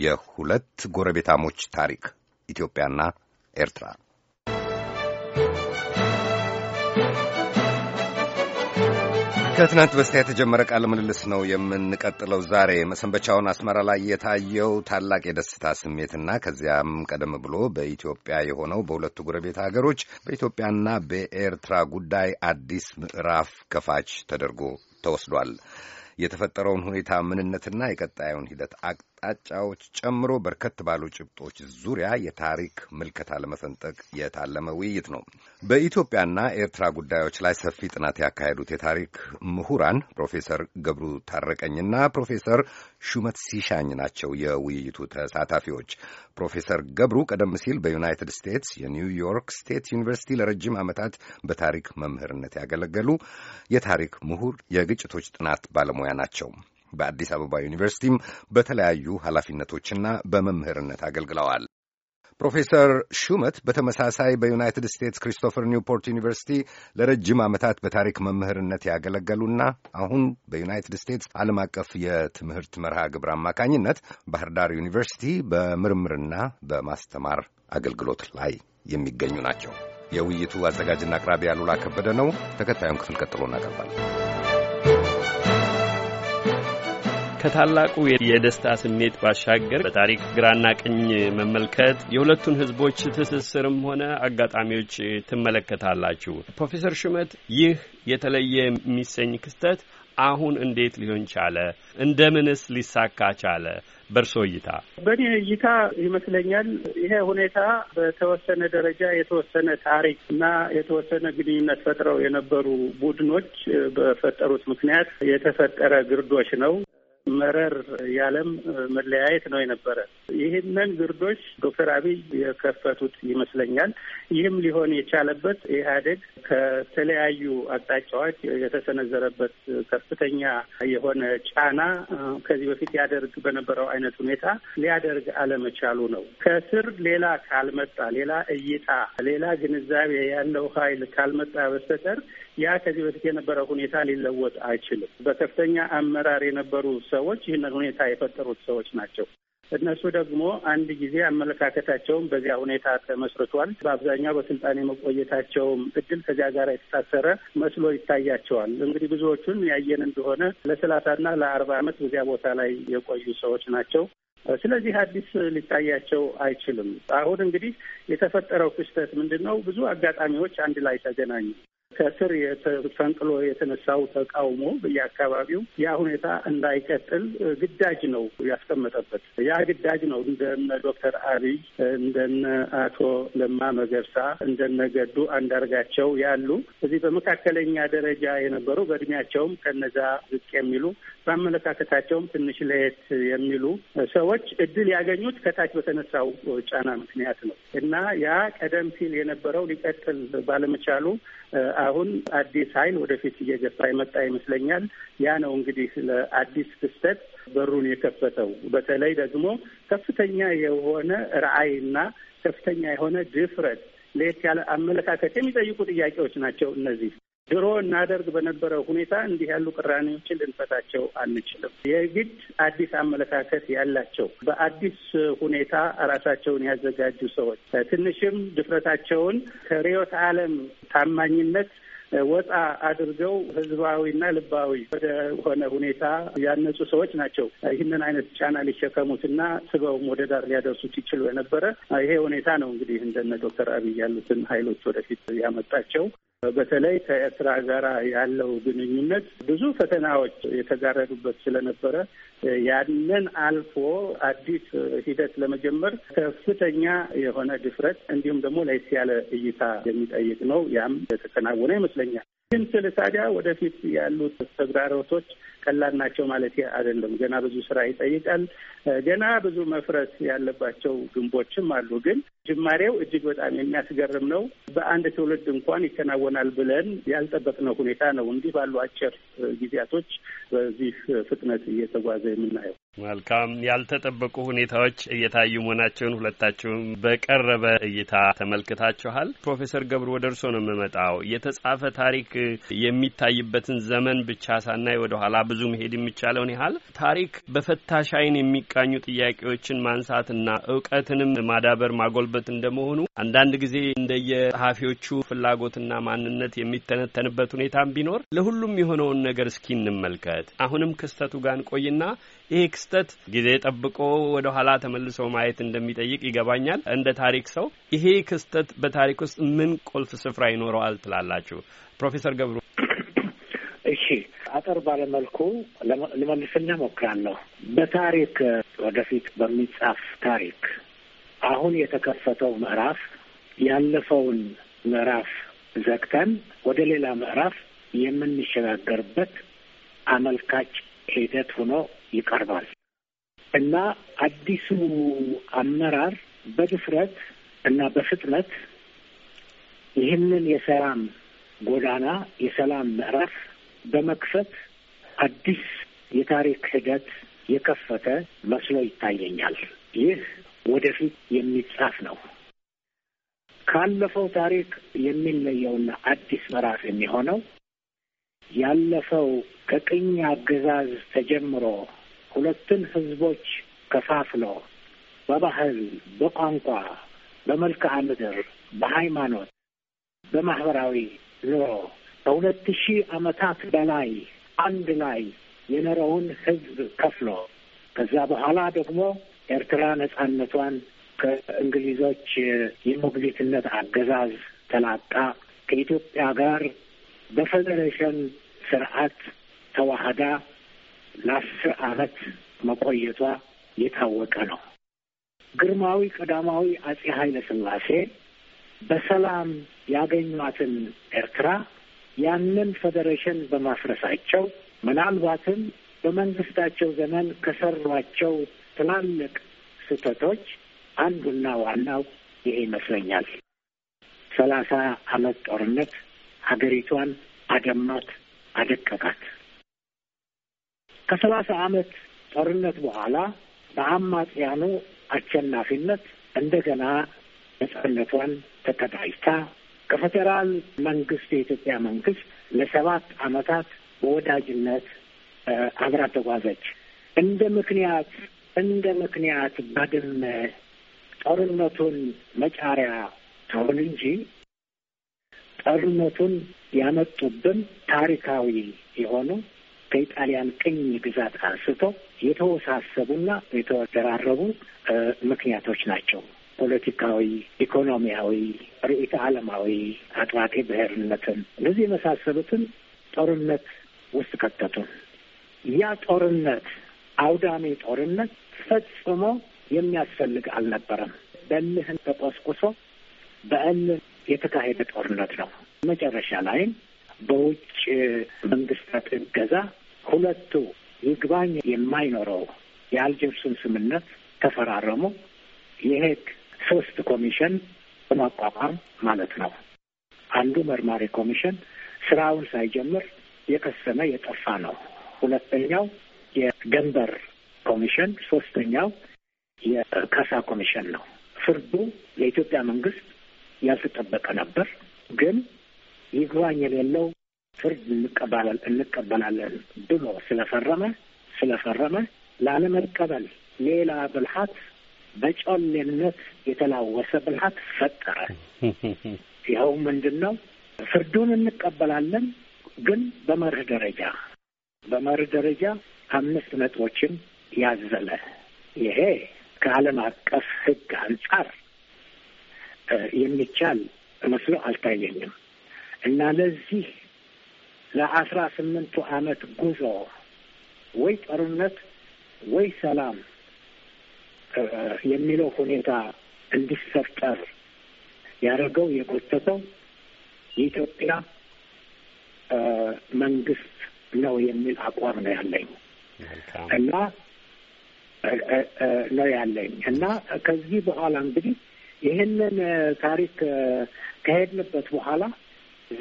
የሁለት ጎረቤታሞች ታሪክ ኢትዮጵያና ኤርትራ። ከትናንት በስቲያ የተጀመረ ቃለ ምልልስ ነው የምንቀጥለው። ዛሬ መሰንበቻውን አስመራ ላይ የታየው ታላቅ የደስታ ስሜትና ከዚያም ቀደም ብሎ በኢትዮጵያ የሆነው በሁለቱ ጎረቤት ሀገሮች በኢትዮጵያና በኤርትራ ጉዳይ አዲስ ምዕራፍ ከፋች ተደርጎ ተወስዷል። የተፈጠረውን ሁኔታ ምንነትና የቀጣዩን ሂደት አቅ አቅጣጫዎች ጨምሮ በርከት ባሉ ጭብጦች ዙሪያ የታሪክ ምልከታ ለመፈንጠቅ የታለመ ውይይት ነው። በኢትዮጵያና ኤርትራ ጉዳዮች ላይ ሰፊ ጥናት ያካሄዱት የታሪክ ምሁራን ፕሮፌሰር ገብሩ ታረቀኝና ፕሮፌሰር ሹመት ሲሻኝ ናቸው የውይይቱ ተሳታፊዎች። ፕሮፌሰር ገብሩ ቀደም ሲል በዩናይትድ ስቴትስ የኒውዮርክ ስቴት ዩኒቨርሲቲ ለረጅም ዓመታት በታሪክ መምህርነት ያገለገሉ የታሪክ ምሁር፣ የግጭቶች ጥናት ባለሙያ ናቸው። በአዲስ አበባ ዩኒቨርሲቲም በተለያዩ ኃላፊነቶችና በመምህርነት አገልግለዋል። ፕሮፌሰር ሹመት በተመሳሳይ በዩናይትድ ስቴትስ ክሪስቶፈር ኒውፖርት ዩኒቨርሲቲ ለረጅም ዓመታት በታሪክ መምህርነት ያገለገሉና አሁን በዩናይትድ ስቴትስ ዓለም አቀፍ የትምህርት መርሃ ግብር አማካኝነት ባህር ዳር ዩኒቨርሲቲ በምርምርና በማስተማር አገልግሎት ላይ የሚገኙ ናቸው። የውይይቱ አዘጋጅና አቅራቢ አሉላ ከበደ ነው። ተከታዩን ክፍል ቀጥሎ እናቀርባለን። ከታላቁ የደስታ ስሜት ባሻገር በታሪክ ግራና ቀኝ መመልከት የሁለቱን ሕዝቦች ትስስርም ሆነ አጋጣሚዎች ትመለከታላችሁ። ፕሮፌሰር ሹመት ይህ የተለየ የሚሰኝ ክስተት አሁን እንዴት ሊሆን ቻለ? እንደምንስ ሊሳካ ቻለ? በእርሶ እይታ። በእኔ እይታ ይመስለኛል ይሄ ሁኔታ በተወሰነ ደረጃ የተወሰነ ታሪክ እና የተወሰነ ግንኙነት ፈጥረው የነበሩ ቡድኖች በፈጠሩት ምክንያት የተፈጠረ ግርዶች ነው። መረር ያለም መለያየት ነው የነበረ። ይህንን ግርዶች ዶክተር አብይ የከፈቱት ይመስለኛል። ይህም ሊሆን የቻለበት ኢህአዴግ ከተለያዩ አቅጣጫዎች የተሰነዘረበት ከፍተኛ የሆነ ጫና ከዚህ በፊት ያደርግ በነበረው አይነት ሁኔታ ሊያደርግ አለመቻሉ ነው። ከስር ሌላ ካልመጣ፣ ሌላ እይታ፣ ሌላ ግንዛቤ ያለው ኃይል ካልመጣ በስተቀር ያ ከዚህ በፊት የነበረው ሁኔታ ሊለወጥ አይችልም። በከፍተኛ አመራር የነበሩ ሰዎች ይህንን ሁኔታ የፈጠሩት ሰዎች ናቸው። እነሱ ደግሞ አንድ ጊዜ አመለካከታቸውም በዚያ ሁኔታ ተመስርቷል። በአብዛኛው በስልጣን የመቆየታቸውም እድል ከዚያ ጋር የተሳሰረ መስሎ ይታያቸዋል። እንግዲህ ብዙዎቹን ያየን እንደሆነ ለሰላሳና ለአርባ ዓመት በዚያ ቦታ ላይ የቆዩ ሰዎች ናቸው። ስለዚህ አዲስ ሊታያቸው አይችልም። አሁን እንግዲህ የተፈጠረው ክስተት ምንድን ነው? ብዙ አጋጣሚዎች አንድ ላይ ተገናኙ። ከስር ፈንቅሎ የተነሳው ተቃውሞ በየአካባቢው ያ ሁኔታ እንዳይቀጥል ግዳጅ ነው ያስቀመጠበት። ያ ግዳጅ ነው እንደነ ዶክተር አብይ እንደነ አቶ ለማ መገርሳ እንደነ ገዱ አንዳርጋቸው ያሉ እዚህ በመካከለኛ ደረጃ የነበሩ በእድሜያቸውም ከነዛ ዝቅ የሚሉ በአመለካከታቸውም ትንሽ ለየት የሚሉ ሰዎች እድል ያገኙት ከታች በተነሳው ጫና ምክንያት ነው እና ያ ቀደም ሲል የነበረው ሊቀጥል ባለመቻሉ አሁን አዲስ ኃይል ወደፊት እየገባ የመጣ ይመስለኛል። ያ ነው እንግዲህ ለአዲስ ክስተት በሩን የከፈተው። በተለይ ደግሞ ከፍተኛ የሆነ ራዕይና ከፍተኛ የሆነ ድፍረት ለየት ያለ አመለካከት የሚጠይቁ ጥያቄዎች ናቸው እነዚህ። ድሮ እናደርግ በነበረ ሁኔታ እንዲህ ያሉ ቅራኔዎችን ልንፈታቸው አንችልም። የግድ አዲስ አመለካከት ያላቸው በአዲስ ሁኔታ ራሳቸውን ያዘጋጁ ሰዎች ትንሽም ድፍረታቸውን ከርዕዮተ ዓለም ታማኝነት ወጣ አድርገው ህዝባዊና ልባዊ ወደ ሆነ ሁኔታ ያነጹ ሰዎች ናቸው። ይህንን አይነት ጫና ሊሸከሙትና ስበውም ወደ ዳር ሊያደርሱት ይችሉ የነበረ ይሄ ሁኔታ ነው እንግዲህ እንደነ ዶክተር አብይ ያሉትን ሀይሎች ወደፊት ያመጣቸው። በተለይ ከኤርትራ ጋር ያለው ግንኙነት ብዙ ፈተናዎች የተጋረዱበት ስለነበረ ያንን አልፎ አዲስ ሂደት ለመጀመር ከፍተኛ የሆነ ድፍረት እንዲሁም ደግሞ ለየት ያለ እይታ የሚጠይቅ ነው። ያም የተከናወነ ይመስለኛል። ግን ስል ታዲያ ወደፊት ያሉት ተግዳሮቶች ቀላል ናቸው ማለት አይደለም። ገና ብዙ ስራ ይጠይቃል። ገና ብዙ መፍረስ ያለባቸው ግንቦችም አሉ። ግን ጅማሬው እጅግ በጣም የሚያስገርም ነው። በአንድ ትውልድ እንኳን ይከናወናል ብለን ያልጠበቅነው ሁኔታ ነው። እንዲህ ባሉ አጭር ጊዜያቶች በዚህ ፍጥነት እየተጓዘ የምናየው መልካም ያልተጠበቁ ሁኔታዎች እየታዩ መሆናቸውን ሁለታችሁም በቀረበ እይታ ተመልክታችኋል። ፕሮፌሰር ገብሩ ወደ እርስዎ ነው የምመጣው። የተጻፈ ታሪክ የሚታይበትን ዘመን ብቻ ሳናይ ወደ ኋላ ብዙ መሄድ የሚቻለውን ያህል ታሪክ በፈታሽ ዓይን የሚቃኙ ጥያቄዎችን ማንሳትና እውቀትንም ማዳበር ማጎልበት እንደመሆኑ አንዳንድ ጊዜ እንደየጸሐፊዎቹ ፍላጎትና ማንነት የሚተነተንበት ሁኔታም ቢኖር ለሁሉም የሆነውን ነገር እስኪ እንመልከት። አሁንም ክስተቱ ጋር እንቆይና ይህ ክስተት ጊዜ ጠብቆ ወደ ኋላ ተመልሶ ማየት እንደሚጠይቅ ይገባኛል። እንደ ታሪክ ሰው ይሄ ክስተት በታሪክ ውስጥ ምን ቁልፍ ስፍራ ይኖረዋል ትላላችሁ ፕሮፌሰር ገብሩ? እሺ፣ አጠር ባለመልኩ ልመልስና ሞክራለሁ። በታሪክ ወደፊት በሚጻፍ ታሪክ አሁን የተከፈተው ምዕራፍ ያለፈውን ምዕራፍ ዘግተን ወደ ሌላ ምዕራፍ የምንሸጋገርበት አመልካች ሂደት ሆኖ ይቀርባል እና አዲሱ አመራር በድፍረት እና በፍጥነት ይህንን የሰላም ጎዳና የሰላም ምዕራፍ በመክፈት አዲስ የታሪክ ሂደት የከፈተ መስሎ ይታየኛል። ይህ ወደፊት የሚጻፍ ነው። ካለፈው ታሪክ የሚለየውና አዲስ ምዕራፍ የሚሆነው ያለፈው ከቅኝ አገዛዝ ተጀምሮ ሁለቱን ህዝቦች ከፋፍሎ በባህል፣ በቋንቋ፣ በመልክዓ ምድር፣ በሃይማኖት፣ በማህበራዊ ኑሮ ከሁለት ሺህ ዓመታት በላይ አንድ ላይ የኖረውን ህዝብ ከፍሎ ከዛ በኋላ ደግሞ ኤርትራ ነጻነቷን ከእንግሊዞች የሞግዚትነት አገዛዝ ተላጣ ከኢትዮጵያ ጋር በፌዴሬሽን ስርዓት ተዋህዳ ለአስር ዓመት መቆየቷ የታወቀ ነው። ግርማዊ ቀዳማዊ አጼ ኃይለ ሥላሴ በሰላም ያገኟትን ኤርትራ ያንን ፌዴሬሽን በማፍረሳቸው ምናልባትም በመንግስታቸው ዘመን ከሰሯቸው ትላልቅ ስህተቶች አንዱና ዋናው ይሄ ይመስለኛል። ሰላሳ ዓመት ጦርነት ሀገሪቷን አደማት፣ አደቀቃት። ከሰላሳ ዓመት ጦርነት በኋላ በአማጽያኑ አሸናፊነት እንደገና ነጻነቷን ተቀዳጅታ ከፌዴራል መንግስት የኢትዮጵያ መንግስት ለሰባት ዓመታት በወዳጅነት አብራ ተጓዘች። እንደ ምክንያት እንደ ምክንያት ባድመ ጦርነቱን መጫሪያ ትሆን እንጂ ጠርነቱን ያመጡብን ታሪካዊ የሆኑ ከኢጣሊያን ቅኝ ግዛት አንስቶ የተወሳሰቡና የተደራረቡ ምክንያቶች ናቸው። ፖለቲካዊ፣ ኢኮኖሚያዊ፣ ርዕተ ዓለማዊ፣ አጥባቂ ብሔርነትን፣ እነዚህ የመሳሰሉትን ጦርነት ውስጥ ከተቱን። ያ ጦርነት አውዳሚ ጦርነት ፈጽሞ የሚያስፈልግ አልነበረም። በእልህን ተቆስቁሶ በእልህ የተካሄደ ጦርነት ነው። መጨረሻ ላይም በውጭ መንግስታት እገዛ ሁለቱ ይግባኝ የማይኖረው የአልጀርሱን ስምነት ተፈራረሙ። የሄግ ሶስት ኮሚሽን በማቋቋም ማለት ነው። አንዱ መርማሪ ኮሚሽን ስራውን ሳይጀምር የከሰመ የጠፋ ነው። ሁለተኛው የደንበር ኮሚሽን፣ ሶስተኛው የከሳ ኮሚሽን ነው። ፍርዱ ለኢትዮጵያ መንግስት ያልተጠበቀ ነበር። ግን ይግባኝ የሌለው ፍርድ እንቀበላለን ብሎ ስለፈረመ ስለፈረመ ላለመቀበል ሌላ ብልሃት በጮሌነት የተላወሰ ብልሃት ፈጠረ። ይኸው ምንድን ነው? ፍርዱን እንቀበላለን ግን በመርህ ደረጃ በመርህ ደረጃ አምስት ነጥቦችን ያዘለ ይሄ ከዓለም አቀፍ ሕግ አንጻር የሚቻል መስሎ አልታየኝም እና ለዚህ ለአስራ ስምንቱ አመት ጉዞ ወይ ጦርነት ወይ ሰላም የሚለው ሁኔታ እንዲፈጠር ያደረገው የጎተተው የኢትዮጵያ መንግስት ነው የሚል አቋም ነው ያለኝ እና ነው ያለኝ እና ከዚህ በኋላ እንግዲህ ይህንን ታሪክ ከሄድንበት በኋላ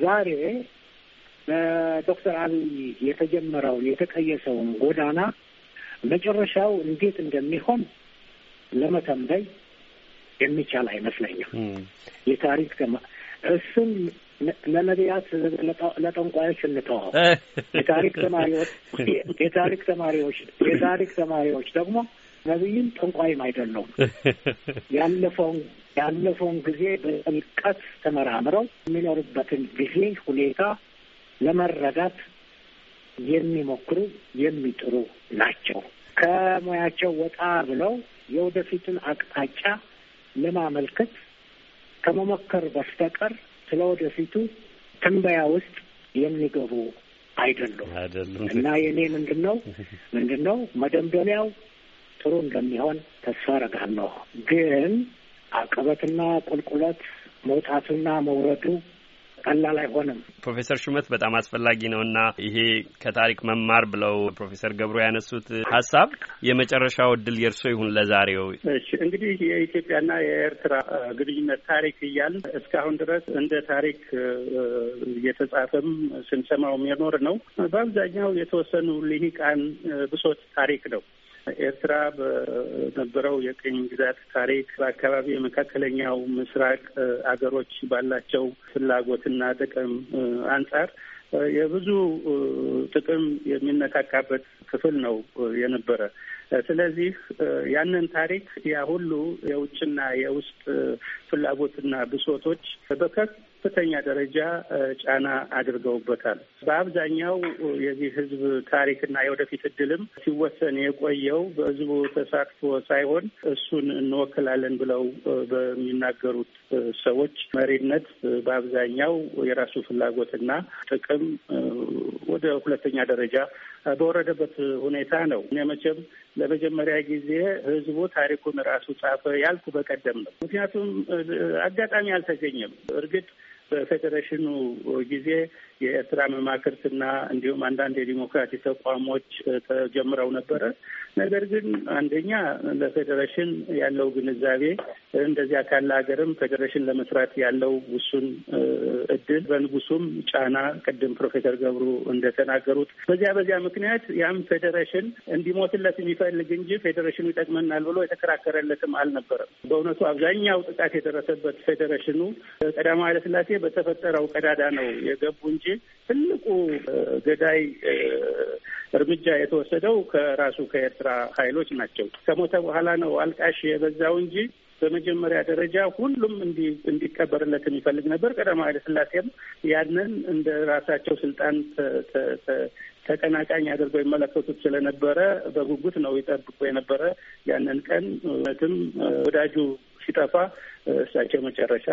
ዛሬ በዶክተር አብይ የተጀመረውን የተቀየሰውን ጎዳና መጨረሻው እንዴት እንደሚሆን ለመተንበይ የሚቻል አይመስለኝም። የታሪክ እሱም ለነቢያት ለጠንቋዮች እንተዋው። የታሪክ ተማሪዎች የታሪክ ተማሪዎች የታሪክ ተማሪዎች ደግሞ ነቢይም ጠንቋይም አይደለሁም። ያለፈውን ያለፈውን ጊዜ በጥልቀት ተመራምረው የሚኖርበትን ጊዜ ሁኔታ ለመረዳት የሚሞክሩ የሚጥሩ ናቸው። ከሙያቸው ወጣ ብለው የወደፊቱን አቅጣጫ ለማመልከት ከመሞከር በስተቀር ስለ ወደፊቱ ትንበያ ውስጥ የሚገቡ አይደሉም እና የእኔ ምንድን ነው ምንድን ነው መደምደሚያው ጥሩ እንደሚሆን ተስፋ አረጋለሁ። ግን አቀበትና ቁልቁለት መውጣቱና መውረዱ ቀላል አይሆንም። ፕሮፌሰር ሹመት በጣም አስፈላጊ ነውና ይሄ ከታሪክ መማር ብለው ፕሮፌሰር ገብሮ ያነሱት ሀሳብ የመጨረሻው እድል የእርሶ ይሁን ለዛሬው። እሺ እንግዲህ የኢትዮጵያና የኤርትራ ግንኙነት ታሪክ እያል እስካሁን ድረስ እንደ ታሪክ እየተጻፈም ስንሰማውም የኖር ነው። በአብዛኛው የተወሰኑ ልሂቃን ብሶት ታሪክ ነው። ኤርትራ በነበረው የቅኝ ግዛት ታሪክ በአካባቢ የመካከለኛው ምስራቅ አገሮች ባላቸው ፍላጎትና ጥቅም አንጻር የብዙ ጥቅም የሚነካካበት ክፍል ነው የነበረ። ስለዚህ ያንን ታሪክ ያ ሁሉ የውጭና የውስጥ ፍላጎትና ብሶቶች በከፍ ከፍተኛ ደረጃ ጫና አድርገውበታል። በአብዛኛው የዚህ ህዝብ ታሪክና የወደፊት እድልም ሲወሰን የቆየው በህዝቡ ተሳትፎ ሳይሆን እሱን እንወክላለን ብለው በሚናገሩት ሰዎች መሪነት በአብዛኛው የራሱ ፍላጎትና ጥቅም ወደ ሁለተኛ ደረጃ በወረደበት ሁኔታ ነው። እኔ መቼም ለመጀመሪያ ጊዜ ህዝቡ ታሪኩን ራሱ ጻፈ ያልኩ በቀደም ነው። ምክንያቱም አጋጣሚ አልተገኘም። እርግጥ በፌዴሬሽኑ ጊዜ የኤርትራ መማክርትና እንዲሁም አንዳንድ የዲሞክራሲ ተቋሞች ተጀምረው ነበረ። ነገር ግን አንደኛ ለፌዴሬሽን ያለው ግንዛቤ እንደዚያ ካለ ሀገርም ፌዴሬሽን ለመስራት ያለው ውሱን እድል በንጉሱም ጫና ቅድም ፕሮፌሰር ገብሩ እንደተናገሩት በዚያ በዚያ ምክንያት ያም ፌዴሬሽን እንዲሞትለት የሚፈልግ እንጂ ፌዴሬሽኑ ይጠቅመናል ብሎ የተከራከረለትም አልነበረም። በእውነቱ አብዛኛው ጥቃት የደረሰበት ፌዴሬሽኑ ቀዳማዊ ኃይለሥላሴ በተፈጠረው ቀዳዳ ነው የገቡ እንጂ ትልቁ ገዳይ እርምጃ የተወሰደው ከራሱ ከኤርትራ ኃይሎች ናቸው። ከሞተ በኋላ ነው አልቃሽ የበዛው እንጂ በመጀመሪያ ደረጃ ሁሉም እንዲቀበርለት የሚፈልግ ነበር። ቀዳማዊ ኃይለ ሥላሴም ያንን እንደ ራሳቸው ስልጣን ተቀናቃኝ አድርገው ይመለከቱት ስለነበረ በጉጉት ነው ይጠብቁ የነበረ ያንን ቀን እውነትም ወዳጁ ሲጠፋ እሳቸው መጨረሻ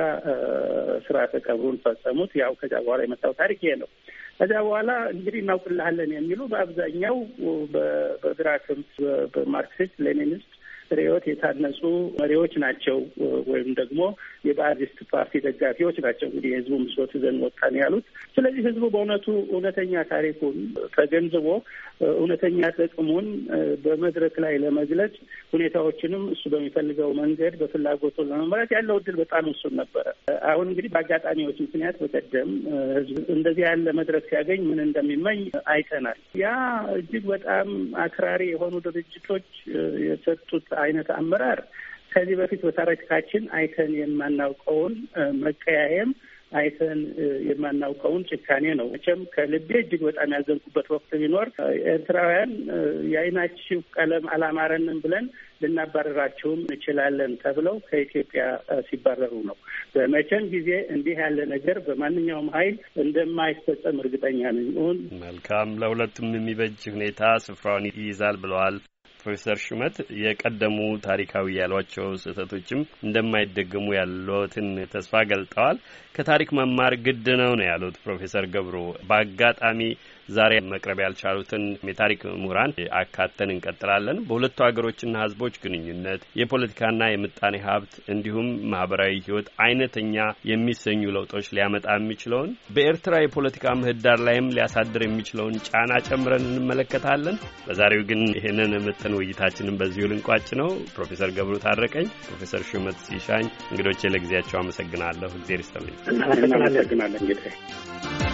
ስርዓተ ቀብሩን ፈጸሙት። ያው ከዚያ በኋላ የመጣው ታሪክ ይሄ ነው። ከዚያ በኋላ እንግዲህ እናውቅልሃለን የሚሉ በአብዛኛው በግራ ክንፍ በማርክሲስት ሌኒኒስት ስለ የታነጹ መሪዎች ናቸው ወይም ደግሞ የባህሪስት ፓርቲ ደጋፊዎች ናቸው። እንግዲህ የህዝቡ ምስሎት ይዘን ወጣን ያሉት። ስለዚህ ህዝቡ በእውነቱ እውነተኛ ታሪኩን ተገንዝቦ እውነተኛ ጥቅሙን በመድረክ ላይ ለመግለጽ ሁኔታዎችንም እሱ በሚፈልገው መንገድ በፍላጎቱ ለመምራት ያለው እድል በጣም እሱን ነበረ። አሁን እንግዲህ በአጋጣሚዎች ምክንያት በቀደም ህዝብ እንደዚህ ያለ መድረክ ሲያገኝ ምን እንደሚመኝ አይተናል። ያ እጅግ በጣም አክራሪ የሆኑ ድርጅቶች የሰጡት አይነት አመራር ከዚህ በፊት በታሪካችን አይተን የማናውቀውን መቀያየም አይተን የማናውቀውን ጭካኔ ነው። መቼም ከልቤ እጅግ በጣም ያዘንኩበት ወቅት ቢኖር ኤርትራውያን የአይናችሁ ቀለም አላማረንም ብለን ልናባረራችሁም እንችላለን ተብለው ከኢትዮጵያ ሲባረሩ ነው። በመቼም ጊዜ እንዲህ ያለ ነገር በማንኛውም ኃይል እንደማይፈጸም እርግጠኛ ነኝ። መልካም ለሁለቱም የሚበጅ ሁኔታ ስፍራውን ይይዛል ብለዋል ፕሮፌሰር ሹመት የቀደሙ ታሪካዊ ያሏቸው ስህተቶችም እንደማይደገሙ ያለትን ተስፋ ገልጠዋል። ከታሪክ መማር ግድ ነው ነው ያሉት ፕሮፌሰር ገብሩ በአጋጣሚ ዛሬ መቅረብ ያልቻሉትን የታሪክ ምሁራን አካተን እንቀጥላለን። በሁለቱ ሀገሮችና ህዝቦች ግንኙነት፣ የፖለቲካና የምጣኔ ሀብት እንዲሁም ማህበራዊ ህይወት አይነተኛ የሚሰኙ ለውጦች ሊያመጣ የሚችለውን በኤርትራ የፖለቲካ ምህዳር ላይም ሊያሳድር የሚችለውን ጫና ጨምረን እንመለከታለን። በዛሬው ግን ይህንን ምጥን ውይይታችንን በዚሁ ልንቋጭ ነው። ፕሮፌሰር ገብሩ ታረቀኝ፣ ፕሮፌሰር ሹመት ሲሻኝ እንግዶቼ ለጊዜያቸው አመሰግናለሁ። እግዜር ይስጥልኝ። እናመሰግናለን።